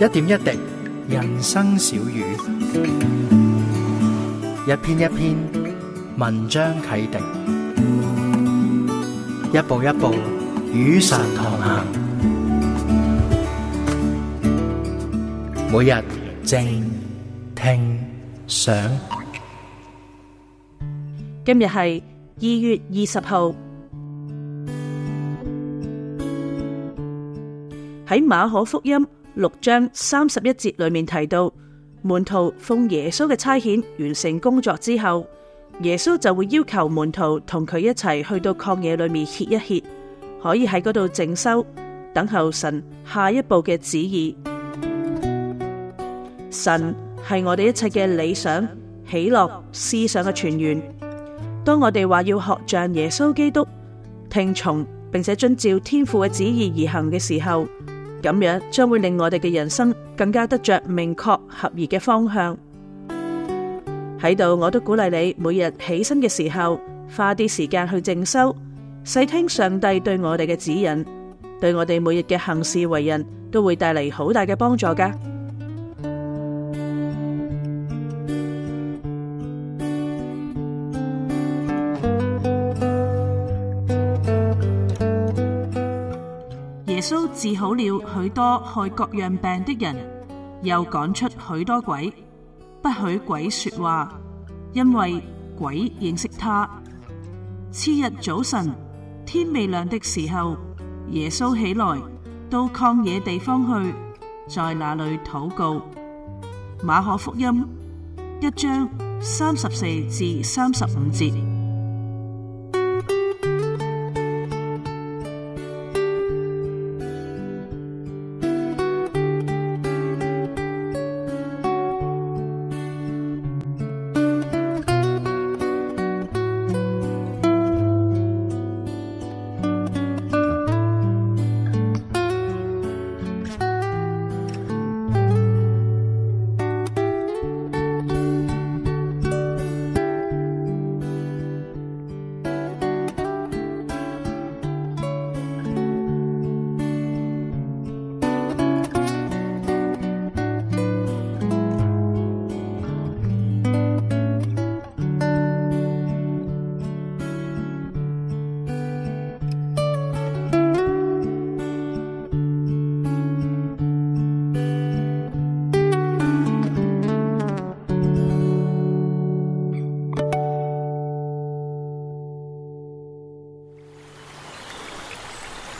一點一滴，人生小語；一篇一篇，文章啟迪；一步一步，與神同行。每日靜聽想，今日係二月二十號，喺馬可福音。六章三十一節裏面提到，門徒奉耶穌嘅差遣完成工作之後，耶穌就會要求門徒同佢一齊去到曠野裏面歇一歇，可以喺嗰度靜修，等候神下一步嘅旨意。神係我哋一切嘅理想、喜樂、喜樂、思想嘅泉源。當我哋話要學像耶穌基督聽從，並且遵照天父嘅旨意而行嘅時候。咁樣將會令我哋嘅人生更加得着明確合宜嘅方向。喺度我都鼓勵你每日起身嘅時候花啲時間去靜修，細聽上帝對我哋嘅指引，對我哋每日嘅行事為人都會帶嚟好大嘅幫助㗎。耶穌治好了許多害各樣病的人，又趕出許多鬼，不許鬼說話，因為鬼認識他。次日早晨，天未亮的時候，耶穌起來，到曠野地方去，在那裏禱告。馬可福音一章三十四至三十五節。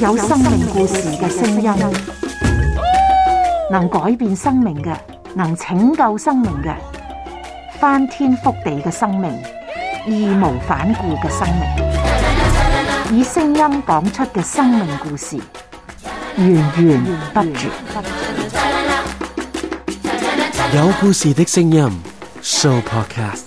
有生命故事嘅聲音，能改變生命嘅，能拯救生命嘅，翻天覆地嘅生命，義無反顧嘅生命，以聲音講出嘅生命故事，源源不絕。有故事嘅聲音，Sooo Podcast。